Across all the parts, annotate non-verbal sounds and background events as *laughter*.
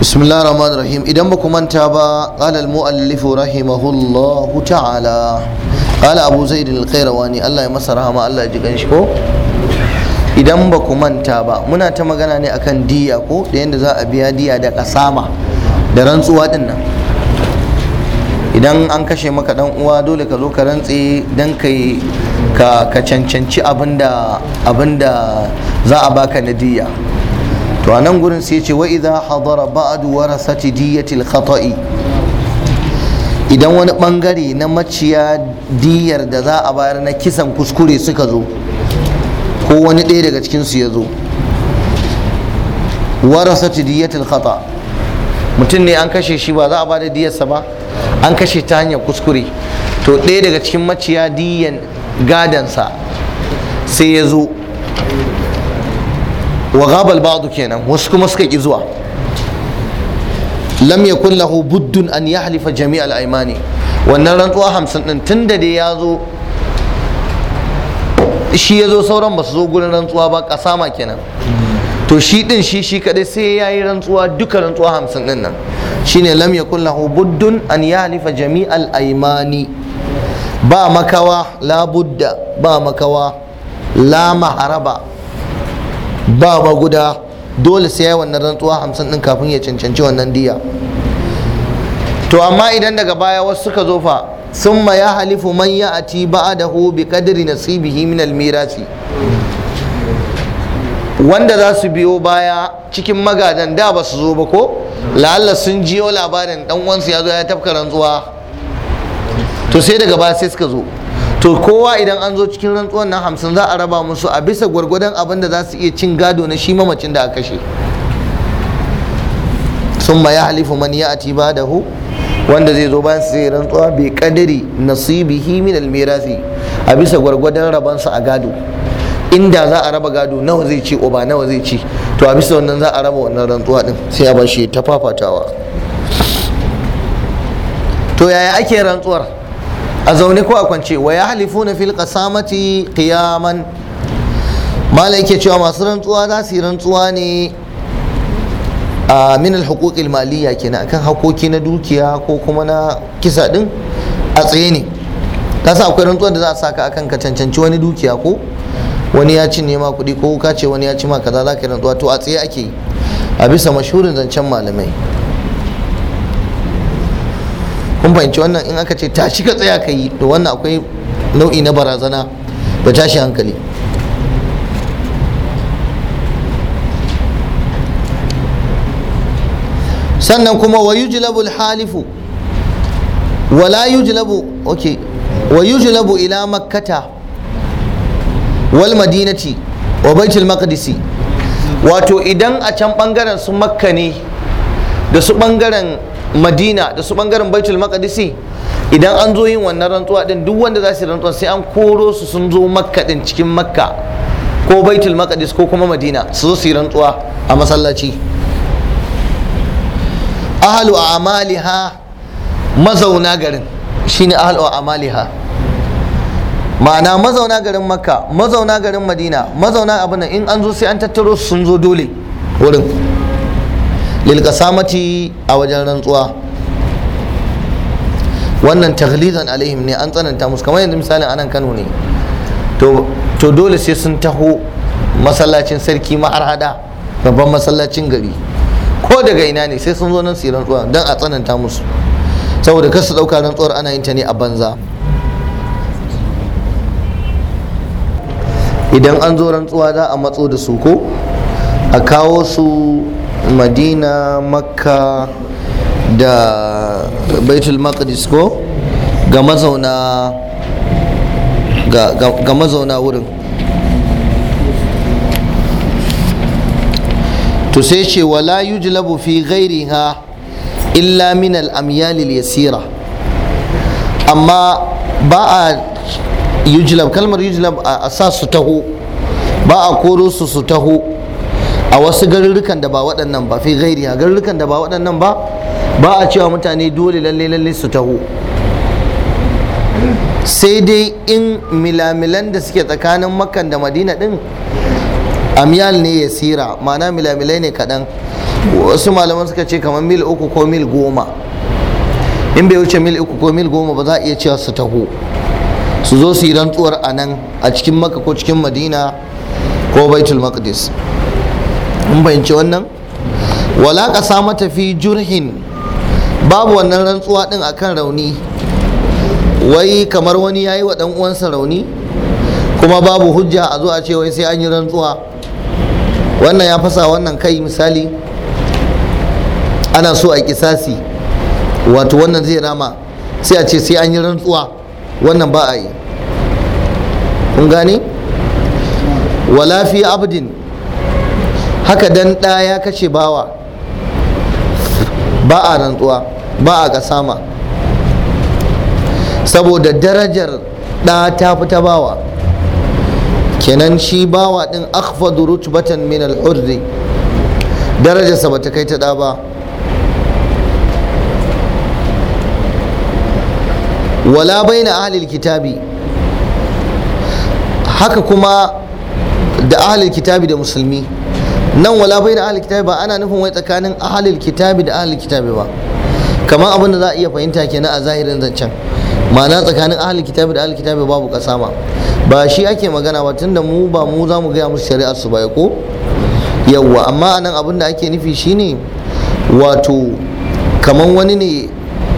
bismillah rahman rahim idan ba manta ba ƙalal mu'allifu rahimahullahu ta'ala ƙala abu zai ya masa rahama allah idan ba ku manta ba muna ta magana ne akan diya ko da yadda za a biya diya da kasama da rantsuwa din nan idan an kashe maka dan uwa dole ka zo ka rantse don ka cancanci abinda za a baka na diya to a nan gurin sai ce wa idza hadara ba'd warasati diyatil khata'i idan wani bangare na maciya diyar da za a bayar na kisan kuskure suka zo ko wani ɗaya daga cikinsu ya zo warasati diyatil khata mutum ne an kashe shi ba za a bada diyarsa ba an kashe ta hanyar kuskure to ɗaya daga cikin maciya diyan gadansa sai ya zo wa ghabal ba'du kenan wasu kuma suka ki zuwa lam yakun lahu buddun an yahlifa jami' al aymani wannan rantsuwa hamsin din tunda da ya zo shi ya zo sauran ba su zo gurin rantsuwa ba kasama kenan to shi din shi shi kadai sai ya yi rantsuwa duka rantsuwa hamsin din nan shine lam yakun lahu buddun an yahlifa jami' al aymani ba makawa la budda ba makawa la maharaba ba ba guda dole sai ya wannan rantsuwa hamsin din kafin ya cancanci wannan diya to amma idan daga baya wasu suka zo fa summa ya halifu man ya ati ba'adahu bi kadiri nasibihi min himinal mirasi wanda za su biyo baya cikin magadan da ba su zo ba ko la'alla sun jiyo labarin dan uwansu ya zo ya tafka rantsuwa to sai daga baya sai suka zo to kowa idan an zo cikin rantsuwan nan hamsin za a raba musu a bisa gwargwadon abin da za su iya cin gado na shi mamacin da a kashe sun ya halifu man ya ati ba da hu wanda zai zo bayan su zai rantsuwa bai kadari nasibihi min almirasi a bisa gwargwadon rabansa a gado inda za a raba gado nawa zai ci oba nawa zai ci to a bisa wannan za a raba wannan rantsuwa din sai a bashi ta fafatawa to yaya ake rantsuwar a zaune ko a kwance wa ya halifu na fil qasamati qiyaman malai ke cewa masu rantsuwa za su yi rantsuwa ne a min al huquqil ke kenan kan hakoki na dukiya ko kuma na kisa din a tsaye ne ka sa akwai rantsuwa da za a saka akan ka cancanci wani dukiya ko wani ya ci nema kuɗi ko ka ce wani ya ci ma kaza za ka yi rantsuwa to a tsaye ake a bisa mashhurin zancen malamai kun fahimci wannan in aka ce tashi ka tsaya ka yi to wannan akwai nau'i na barazana ta tashi hankali sannan kuma wa yi yujlabu halifu wala jilabu ok wa jilabu ila makkata wal madinati wa baitul maqdisi wato idan a can bangaren su makka ne da su bangaren madina da su bangaren baitul maqdisi idan an zo yin wannan rantsuwa din duk wanda za su rantsuwa sai an koro su sun zo makka din cikin makka ko baitul maqdis ko kuma madina su zo su yi rantsuwa a masallaci ahlu amaliha mazauna garin shine ahlu amaliha ma'ana mazauna garin makka mazauna garin madina mazauna abin in an zo sai an tattaro su sun zo dole wurin lilkasamati a wajen rantsuwa wannan taghlizan alaihim ne an tsananta musu kamar yanzu misalin anan kano ne to dole sai sun taho masallacin sarki ma'arhada babban masallacin gari ko daga ina ne sai sun zo nan su yi rantsuwa don a tsananta musu saboda kar su ɗauka rantsuwar ana yin ta ne a banza idan an zo rantsuwa za a matso da su ko a kawo su madina makka da baitul maqdis ko ga mazauna ga mazauna wurin to sai ce wala yujlabu fi ha illa min al-amyal al-yasira amma ba a yujlab kalmar yujlab a sa su taho ba a koro su su taho a wasu garurrukan da ba waɗannan ba fi gairi a garurrukan da ba waɗannan ba ba a cewa mutane dole lalle lalle su taho sai dai in milamilan da suke tsakanin makkan da madina din amyal ne ya sira mana milamilai ne kaɗan wasu malaman suka ce kamar mil uku ko mil goma in bai wuce mil uku ko mil goma ba za a iya cewa su taho su zo su yi rantsuwar a nan a cikin maka ko cikin madina ko baitul maqdis mun fahimci wannan wala ƙasa mata fi jurhin babu wannan rantsuwa ɗin akan rauni wai kamar wani ya yi wa uwansa rauni kuma babu hujja a zuwa ce wai sai an yi rantsuwa wannan ya fasa wannan kai misali ana so a kisasi wato wannan zai rama sai a ce sai an yi rantsuwa wannan ba a yi kun gane wala fi abdin haka dan ɗa ya kashe bawa ba a rantsuwa ba a kasama saboda darajar ɗa ta fi ta bawa kenan shi bawa ɗin akhfadu rutbatan min al darajarsa ba ta kai ta ɗa ba wala baina ahlil kitabi haka kuma da ahlil kitabi da musulmi nan wala bai da ahalil kitabi ba ana nufin wai tsakanin ahalil kitabi da ahalil kitabi ba kamar abin da za a iya fahimta kenan a zahirin zancen ma'ana tsakanin ahalil kitabi da ahalil kitabi babu kasama ba shi ake magana ba tunda mu ba mu za mu gaya musu shari'ar su ba ko yawwa amma anan abin da ake nufi shine wato kamar wani ne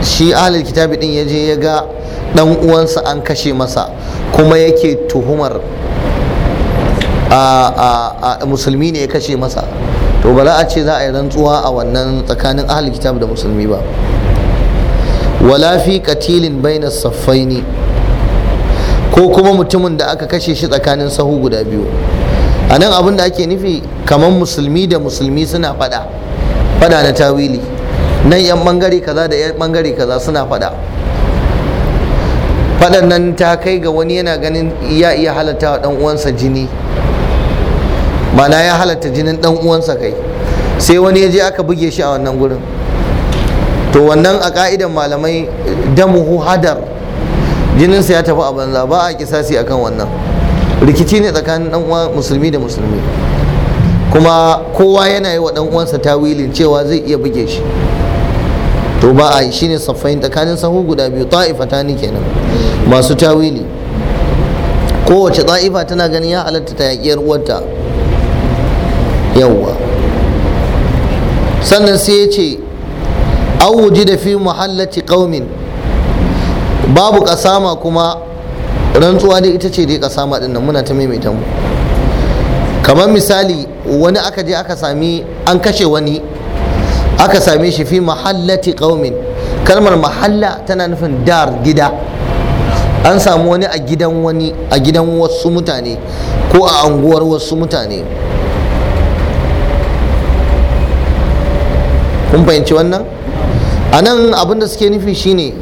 shi ahalil kitabi din ya je ya ga dan uwansa an kashe masa kuma yake tuhumar musulmi ne ya kashe masa to ba za a ce za a yi rantsuwa a wannan tsakanin ahal kitab da musulmi ba wala fi katilin baina ne. ko kuma mutumin da aka kashe shi tsakanin sahu guda biyu a nan abin da ake nufi kamar musulmi da musulmi suna fada fada na tawili nan yan bangare kaza da yan bangare kaza suna fada fadan nan ta kai ga wani yana ganin ya iya halatta wa dan uwansa jini mana ya halatta jinin dan uwansa kai sai wani ya je aka buge shi a wannan gurin to wannan a ka'idan malamai damuhu hadar jininsa ya tafi a banza ba a kisasi akan wannan rikici ne tsakanin dan uwa musulmi da musulmi kuma kowa yana yi wa dan uwansa tawilin cewa zai iya buge shi to ba a yi shine tsakanin sahu guda biyu ta'ifata ne kenan masu tawili kowace ta'ifa tana ganin ya halatta ta yaƙi uwarta yawwa sannan sai ya ce an wuji da fi muhallaci ƙaumin babu kasama kuma rantsuwa dai ita ce dai kasama din nan muna ta maimaita mu kamar misali wani aka je aka sami an kashe wani aka same shi fi muhallaci ƙaumin kalmar mahalla tana nufin dar gida an samu wani a gidan wani a gidan wasu mutane ko a anguwar wasu mutane kun fahimci wannan a nan abin da suke nufi shine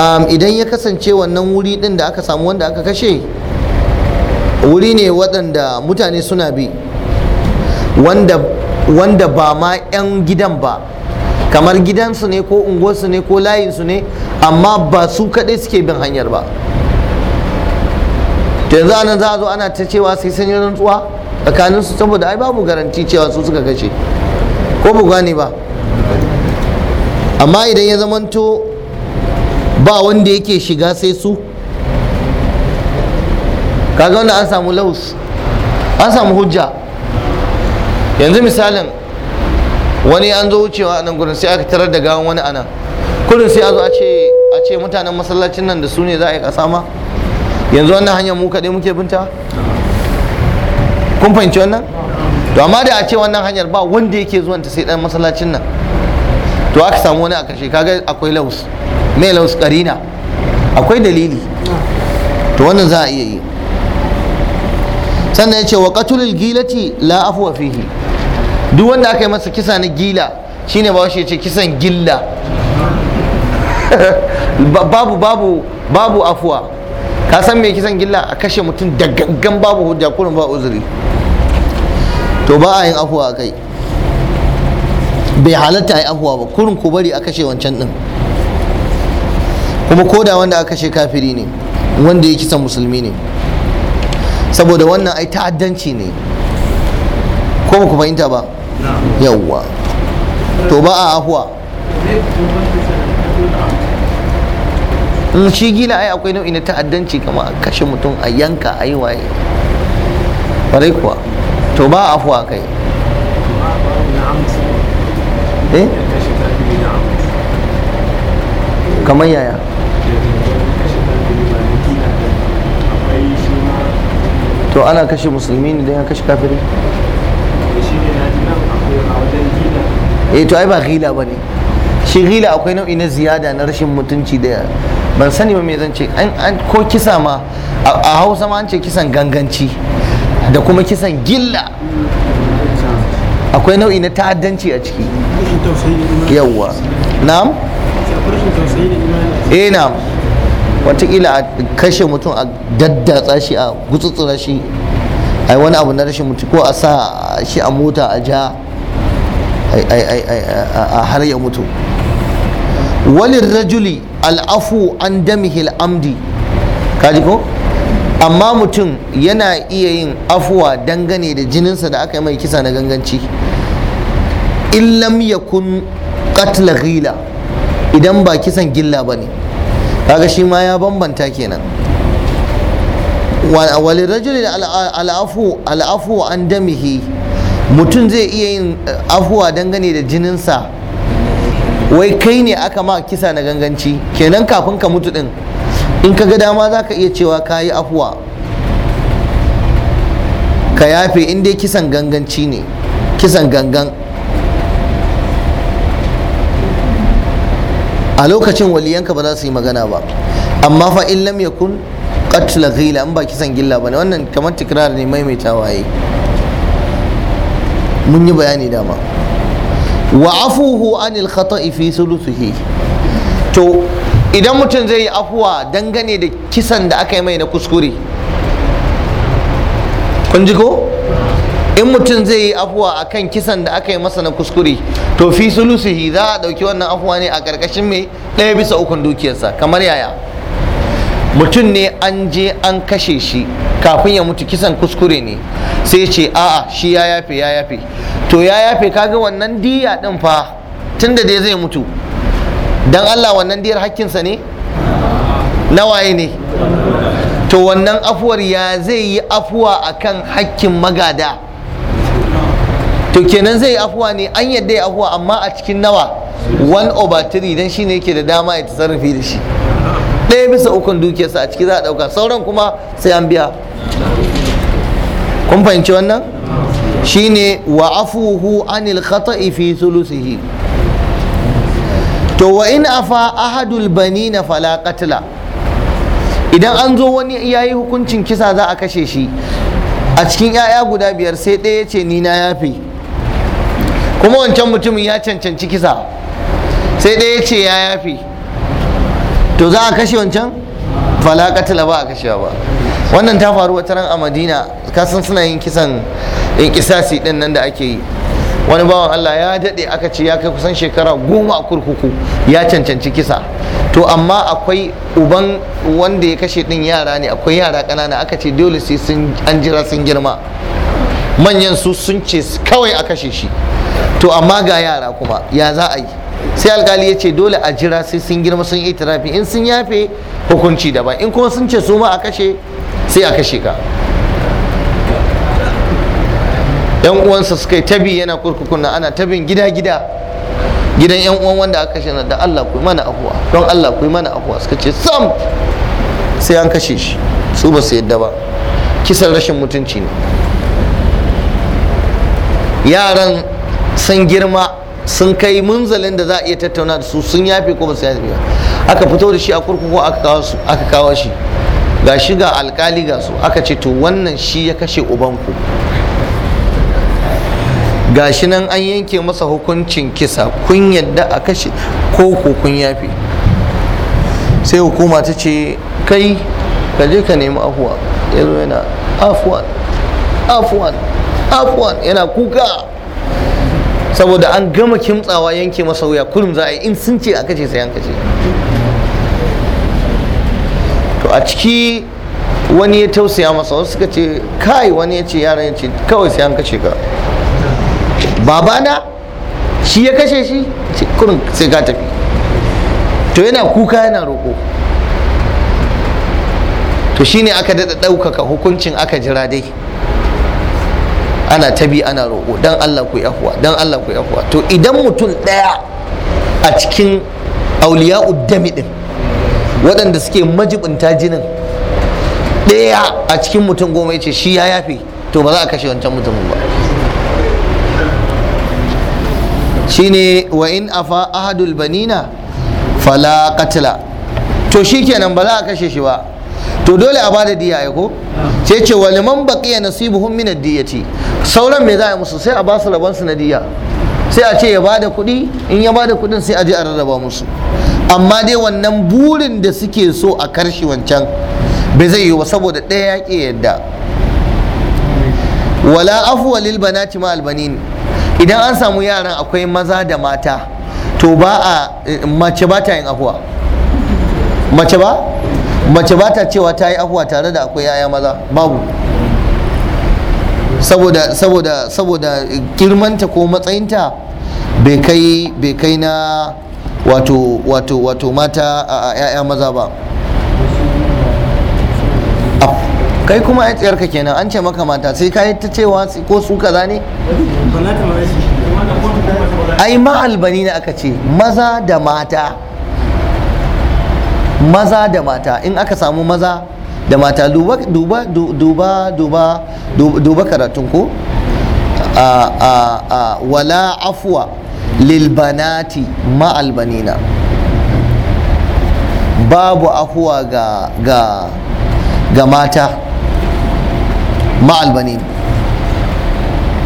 um, idan ya kasance wannan wuri din da aka samu wanda aka kashe wuri ne waɗanda mutane suna bi wanda ba ma 'yan gidan ba kamar gidansu ne ko unguwarsu ne ko layinsu ne amma ba su kaɗai suke bin hanyar ba yanzu anan za a zo ana ta cewa sai sanyi rantsuwa tsakaninsu saboda ai babu garanti cewa su suka kashe ko bu gane ba amma idan ya zamanto ba wanda yake shiga sai su kaga wanda an samu laus an samu hujja yanzu misalin wani an zo wucewa a nan gudun sai aka tarar da gawan wani ana kudin sai a zo a ce mutanen masallacin nan da su ne za a yi kasa ma yanzu wannan hanyar mu kaɗai muke binta kun fahimci wannan to amma da a ce wannan hanyar ba wanda yake zuwanta sai dan masallacin nan to aka samu wani a kashe kaga akwai laus mai laus karina akwai dalili to wannan za a iya yi sannan ya ce wa katulul gilati la afuwa fihi duk wanda aka yi masa kisa na gila shine ba shi ce kisan gilla *laughs* babu babu babu afuwa ka san me kisan gilla a kashe mutum da gangan babu hujja kurin ba uzuri to ba a yin afuwa a kai bai halatta ya afuwa ba kurin ku bari a kashe wancan din kuma koda wanda aka kashe kafiri ne wanda ya kisan musulmi ne saboda wannan ai ta'addanci ne ko ku fahimta ba yawwa to ba a afuwa in shi gina ai akwai nau'i na ta'addanci kama kashe mutum a yanka a yi waye kuwa to ba a afuwa kai Eh? kamar yaya to ana kashe musulmi ne don ya kashe kafiri E to ai ba gila ba ne shi gila akwai nau'i na ziyada na rashin mutunci da ban sani ba me zan ce an ko kisa ma a hausa ma an ce kisan ganganci da kuma kisan gilla akwai nau'i na ta'addanci a ciki yawwa na'am eh na'am watakila a kashe mutum a daddatsa shi a gutsutsura shi a wani abu na rashin mutu ko a sa shi a mota a ja a har ya mutu walin rajuli al'afu an damihil amdi kaji ko amma mutum yana iya yin afuwa dangane da jininsa da aka yi mai kisa na ganganci illam kun katla gila idan ba kisan gilla ba ne kaga shi ma ya bambanta kenan wali rajulin al'afu an damihi mutum zai iya yin eh, afuwa dangane da jininsa wai kai ne aka ma kisa na ganganci kenan kafin ka mutu din in ka ga dama za ka iya cewa ka yi afuwa ka yafe in dai kisan ganganci ne kisan gangan a lokacin waliyanka ba za su yi magana ba amma fa in lam yakun qatla ghila in ba kisan gilla bane wannan kamar tikrar ne maimaitawa yi mun yi bayani dama wa afuhu anil khata'i fi sulusuhi to idan mutum zai yi afuwa dangane da kisan da aka yi mai na kuskure kun ji ko in mutum zai yi afuwa a kan kisan da aka yi masa na kuskure to fi sulusihi za a ɗauki wannan afuwa ne a ƙarƙashin mai ɗaya bisa ukun dukiyarsa kamar yaya mutum ne an je an kashe shi kafin ya mutu kisan kuskure ne sai ce a'a shi ya yafe ya yafe to ya yafe kaga wannan diya ɗin fa tun da dai zai mutu dan Allah wannan diyar hakkinsa ne nawaye ne to wannan afuwar ya zai yi afuwa akan hakkin magada to kenan zai yi afuwa ne an yadda ya afuwa amma a cikin nawa 1 over 3 dan shine yake da dama ya tasarrufi da shi ɗaya bisa ukun dukiyarsa a ciki za a ɗauka sauran kuma sai an biya kun fahimci wannan shine wa afuhu anil khata'i fi thuluthihi to wa in afa ahadul bani fala qatla idan an zo wani yi hukuncin kisa za a kashe shi a cikin 'ya'ya guda biyar sai ɗaya ya ce ni na yafe kuma wancan mutumin ya cancanci kisa sai ɗaya ya ce ya yafe to za a kashe wancan fala ba a kashewa ba wannan ta faru wata ran a madina kasan suna yin kisan in kisasi din nan da ake yi wani bawan Allah ya daɗe aka ce ya kai kusan shekara goma a kurkuku ya cancanci kisa to amma akwai uban wanda ya kashe ɗin yara ne akwai yara ƙanana aka ce dole sai sun an jira sun girma manyan su sun ce kawai a kashe shi to amma ga yara kuma ya za a yi sai alkali ya ce dole a jira sai sun girma sun yi tarafi in sun yafe hukunci daban in kuma sun ce su ma a kashe sai a kashe ka yan uwansa suka yi tabi yana kurkuku na ana tabin gida gida gidan yan uwan wanda aka kashe na da Allah ku mana afuwa don Allah ku mana afuwa suka ce sam sai an kashe shi su ba su yadda ba kisan rashin mutunci ne yaran sun girma sun kai munzalin da za a iya tattauna da su sun yafe ko ba su yafe ba aka fito da shi a kurkuku aka kawo shi ga shi ga alkali ga su aka ce to wannan shi ya kashe ubanku gashi nan an yanke masa hukuncin kisa kun yadda a kashe ko ko kun yafe sai hukuma ta ce kai ka je ka nemi afuwa ya zo yana afuwan afuwan afuwan yana kuka saboda an gama kimtsawa yanke masa wuya kullum za a yi in sun ce a kace sai an kace to a ciki wani ya tausaya masa wasu suka ce kai wani ya ce yaran ya ce kawai sai an kace ka babana shi ya kashe shi kurin sai ka tafi to yana kuka yana roƙo to shine aka daɗa ɗaukaka hukuncin aka jira dai ana tabi ana roƙo don Allah ku yahuwa don Allah ku yahuwa to idan mutum ɗaya a cikin auliya uddami ɗin waɗanda suke majibinta jinin ɗaya a cikin mutum goma ya ce shi ya yafe to ba za a kashe wancan mutumin ba shine wa in afa ahadul banina fala qatla to shikenan ba za a kashe shi ba to dole a bada diya ya ko sai ce wa liman baqiya nasibuhum min ad-diyati sauran me za a musu sai a ba su rabon su na diya sai a ce ya bada kuɗi in ya bada kuɗin sai a ji a rarraba musu amma dai wannan burin da suke so a karshe wancan bai zai yiwu ba saboda ɗaya ya yadda wala afuwa lil banati ma albanin idan an samu yaran akwai maza da mata to ba a mace ba ta yin afuwa mace ba mace ba ta cewa ta yi afuwa tare da akwai yaya maza babu saboda saboda girmanta ko matsayinta bai kai na wato wato wato mata a yaya maza ba kai kuma ai tsayarka kenan an ce maka mata sai ka yi ta cewa ko su kaza ne ai ma albani ne aka ce maza da mata maza da mata in aka samu maza da mata duba duba duba duba duba karatun ko wala afuwa lil banati ma albanina babu afuwa ga ga ga mata ma'al banin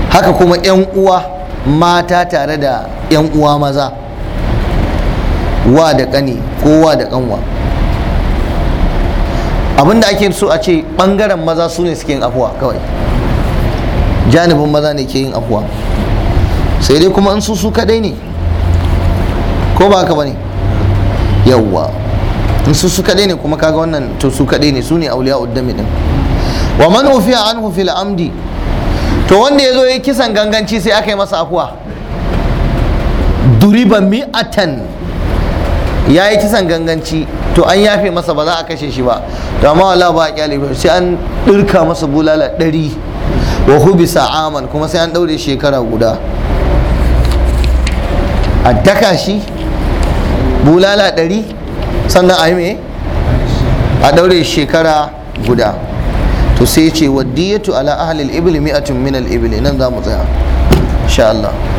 haka kuma 'yan uwa mata tare da 'yan uwa maza wa da ƙani kowa da ƙanwa abinda ake so a ce ɓangaren maza su ne suke yin afuwa kawai janibin maza ne ke yin afuwa sai dai kuma in su su kadai ne ko ba haka ba ne yawwa in su su kadai ne kuma kaga wannan to su kadai ne su ne auliya uddami din wa man ufiya anhu fil amdi to wanda ya zo ya kisan ganganci sai aka yi masa akuwa duriba mi'atan ya yi kisan ganganci to an yafe masa ba za a kashe shi ba to amma wala ba a kyale sai an ɗirka masa bulala ɗari wa bisa aman kuma sai an ɗaure shekara guda a daka shi bulala ɗari sannan a yi me a ɗaure shekara guda to sai ce wa diyatu ala ahli al-ibli mi'atun min al-ibli nan za mu tsaya insha Allah